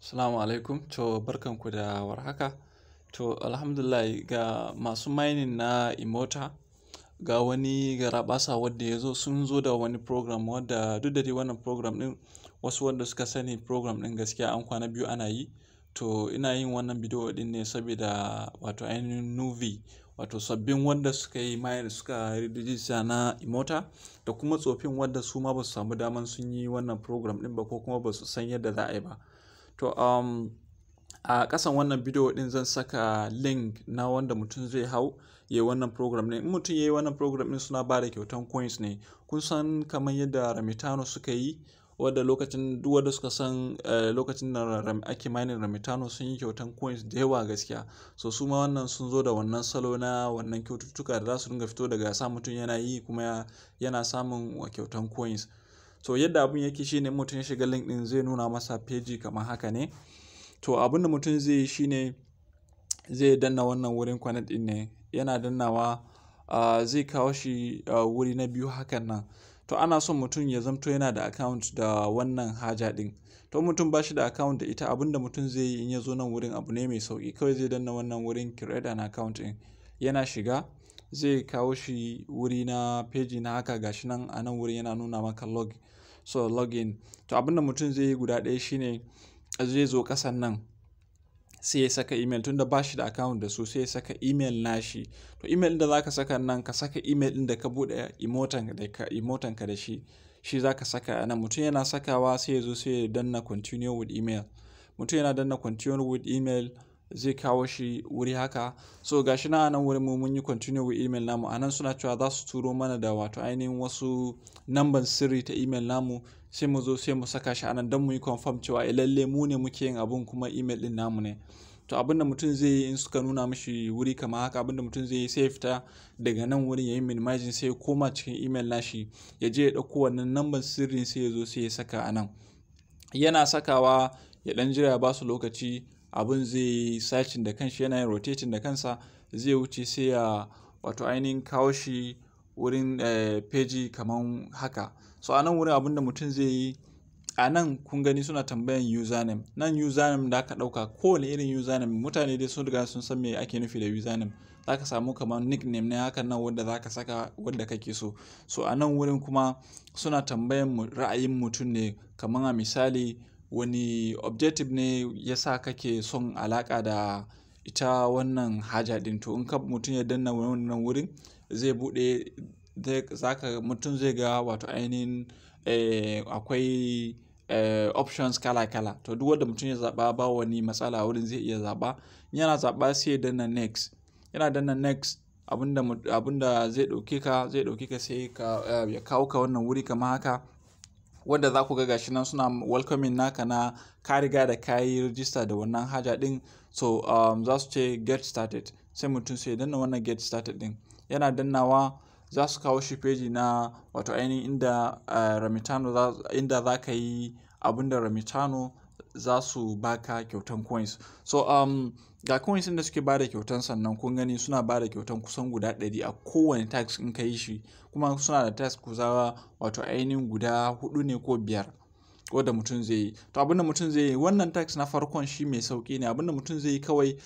Assalamu alaikum, to barkanku da warhaka. To alhamdulillah ga masu mainin na Imota ga wani garaɓasa wadda ya zo sun zo da wani program wadda duk da wannan program ɗin wasu wanda suka sani program din gaskiya an kwana biyu ana yi to ina yin wannan bidiyo din ne saboda wato ainihin nuvi wato sabbin wanda suka yi mayar suka rijista na imota da kuma tsofin wanda su ma ba su samu daman sun yi wannan program ɗin ba ko kuma ba su san yadda za a yi ba to um, a kasan wannan bidiyo din zan saka link na wanda mutum zai hau yayi wannan program ne in mutum yayi wannan program din suna bada kyautan coins ne kun san kamar yadda ramitano suka yi wadda lokacin duk suka san eh, lokacin da ake mining ramitano sun yi kyautan coins da yawa gaskiya so su ma wannan sun zo da wannan salo na wannan kyaututtuka da za su dinga fito daga sa mutum yana yi kuma yana samun kyautan coins so yadda abun yake shine mutum ya shiga link zai nuna masa peji kamar haka ne to abin da mutum zai yi shine zai danna wannan wurin connect ne yana dannawa uh, zai kawo shi uh, wuri na biyu hakan nan to ana son mutum ya zamto yana da account da wannan haja din to mutum ba shi da account da ita da mutum zai yi in ya zo nan wurin abu ne mai sauki kawai zai danna wannan wurin create an account din yana shiga zai kawo shi wuri na peji na haka gashi nan a nan wuri yana nuna maka log so login to abinda mutum zai yi guda ɗaya shine zai zo ƙasan nan sai ya saka email tunda ba shi da account da su sai ya saka email nashi to email da zaka saka nan ka saka email din da ka bude emotan da ka emotan ka da shi shi zaka saka nan mutum yana sakawa sai ya zo sai ya danna continue with email mutum yana danna continue with email zai kawo shi wuri haka so gashi na nan wurin mu mun yi continue with email namu anan suna cewa za su turo mana da wato ainihin wasu namban sirri ta email namu sai mu zo sai mu saka shi anan don mu yi confirm cewa eh, lalle mu ne muke yin abun kuma email din namu ne to abinda mutum zai yi in suka nuna mishi wuri kama haka abinda mutum zai yi sai ya fita daga nan wurin ya yi minimizing sai ya koma cikin email nashi ya je ya ɗauko wannan namban sirrin sai ya zo sai ya saka anan yana sakawa ya ɗan jira ya ba su lokaci abin zai sacin da kanshi yana yin rotating da kansa zai wuce sai ya wato ainihin kawo shi wurin eh, page kaman haka so a wurin abin da mutum zai yi a nan kun gani suna tambayan username nan username da aka dauka kowane irin username mutane dai sun riga sun san me ake nufi da username zaka samu kamar nickname ne hakan nan wanda zaka saka wanda kake so so a nan wurin kuma suna tambayan ra'ayin mutum ne kaman a misali wani objective ne ya sa kake son alaka da ita wannan haja din? to in ka mutum ya danna wannan wurin zai za ka mutum zai ga wato ainihin eh, akwai eh, options kala-kala to duk wanda mutum ya zaba ba wani matsala wurin zai iya zaba yana zaba sai ya danna next yana danna next abinda, abinda zai dauke ka sai eh, ya kawo ka wannan wuri kamar haka wanda za ku ga gashi nan suna welcoming naka na ka riga da kayi yi rijista da wannan haja din so um, za su ce get started sai mutum sai danna wannan get started din yana dannawa za su kawo shi peji na wato ainihin inda uh, Ramitano inda za ka yi abin da Ramitano za su baka kyautan coins so um, ga coins da suke bada kyautan sannan kun gani suna bada kyautan kusan guda 100 a kowane tax in ka yi shi kuma suna da tax kuzawa wato ainihin guda hudu ne ko biyar da mutum zai yi to abinda mutum zai yi wannan tax na farkon shi mai sauki ne abinda mutum zai yi kawai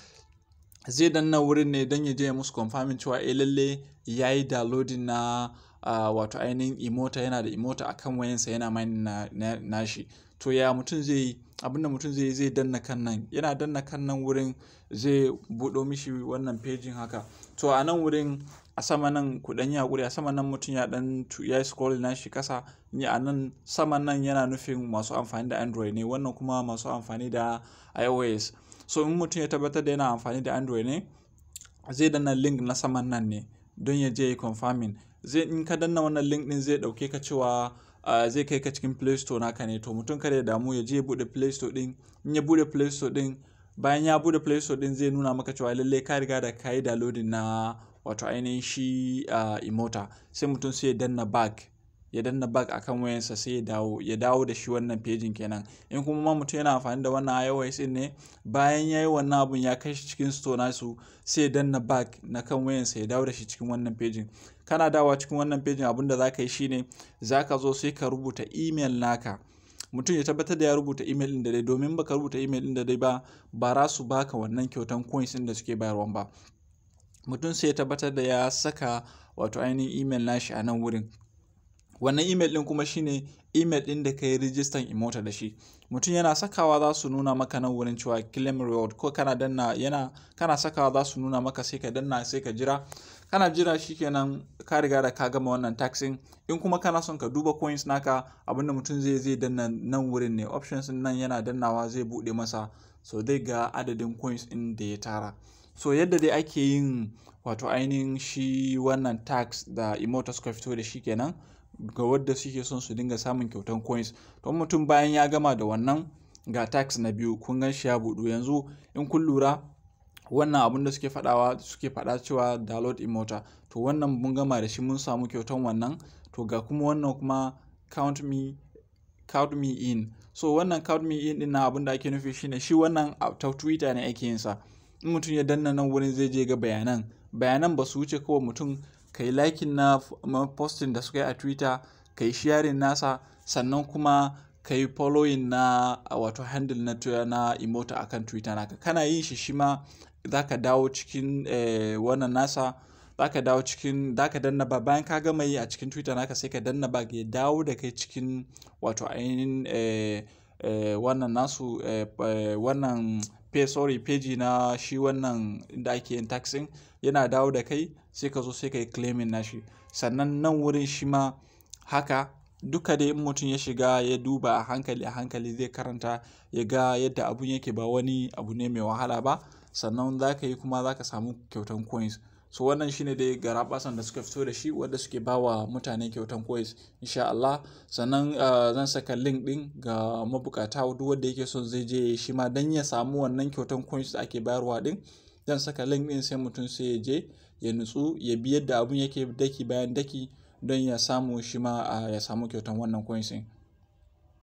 zai danna wurin ne don ya je ya musu confirming cewa eh lalle ya yi downloading na uh, wato ainihin imota yana da imota akan wayansa yana mining na, na shi to ya mutum zai yi abinda mutum zai zai danna kan nan yana danna kan nan wurin zai buɗo mishi wannan pejin haka to a nan wurin a sama nan ku ya yi a sama nan mutum ya ɗan ya scroll na shi kasa ni a nan sama nan yana nufin masu amfani da android ne wannan kuma masu amfani da ios so in mutum ya tabbatar da yana amfani da android ne zai danna link na saman nan ne don ya je confirming zai in ka danna wannan link din zai ɗauke ka cewa zai kai ka cikin play store naka ne to mutum kada ya damu ya je ya bude play store din in ya bude play store din bayan ya bude play store din zai nuna maka cewa lalle ka riga da kai downloading na wato ainihin shi imota sai mutum sai ya danna back ya danna a kan wayansa sai ya dawo ya dawo da shi wannan pejin kenan in kuma ma mutum yana amfani da wannan iOS din ne bayan ya yi wannan abun ya kai shi cikin store nasu sai ya danna bug na kan wayansa ya dawo da shi cikin wannan pejin kana dawa cikin wannan pejin abin da za ka yi shi ne za ka zo sai ka rubuta email naka mutum ya tabbatar da ya rubuta email din da dai domin baka rubuta email din da dai ba ba za su baka wannan kyautan coins din da suke bayarwa ba mutum sai ya tabbatar da ya saka wato ainihin email nashi a nan wurin wannan email din kuma shine email ɗin da ka yi rijistan imota da shi mutum yana sakawa za su nuna maka nan wurin cewa claim reward ko kana danna yana kana sakawa za su nuna maka sai ka danna sai ka jira kana jira shikenan ka riga da ka gama wannan taxing in kuma kana son ka duba coins naka abinda mutum zai zai danna nan wurin ne options nan yana dannawa zai bude masa so dai ga adadin coins in da ya tara so yadda dai ake yin wato ainihin shi wannan tax da imota suka fito da shi kenan ga wadda suke son su dinga samun kyautan coins to mutum bayan ya gama da wannan ga tax na biyu kun gan shi ya budu yanzu in kun lura wannan abun da suke fadawa suke fada cewa download immota to wannan mun gama da shi mun samu kyautan wannan to ga kuma wannan kuma count me count me in so wannan count me in din na abin da ake nufi shine shi wannan ta twitter ne ake yin sa in mutum ya danna nan wurin zai je ga bayanan bayanan ba su wuce kawai mutum ka yi likin na postin da suka yi a twitter ka yi sharing nasa sannan kuma ka yi following na wato handle na na imota akan twitter naka kana yin shi shi ma za ka dawo cikin eh, wannan nasa za ka dawo cikin za ka danna ba bayan ka gama yi a cikin twitter naka sai ka danna ba ya dawo da kai cikin wato ainihin eh, eh, wannan nasu eh, eh, wannan sorry peji na shi wannan da ake yin taxing yana dawo da kai sai ka zo sai ka yi claiming shi sannan nan wurin shi ma haka duka dai in mutum ya shiga ya duba a hankali a hankali zai karanta ya ga yadda abun yake ba wani abu ne mai wahala ba sannan za ka yi kuma za ka samu kyautan coins so wannan shine dai garaɓasan da suka fito da shi wadda suke bawa mutane kyautan koyis insha Allah sannan ah, zan saka link din ga mabukata duk wanda yake son zai je shi ma dan ya samu wannan kyautan koyis da ake bayarwa din zan saka link din sai mutum sai ya je ya nutsu ya bi yadda abun yake daki bayan daki don ya samu shi ma ah, ya samu kyautan wannan coins din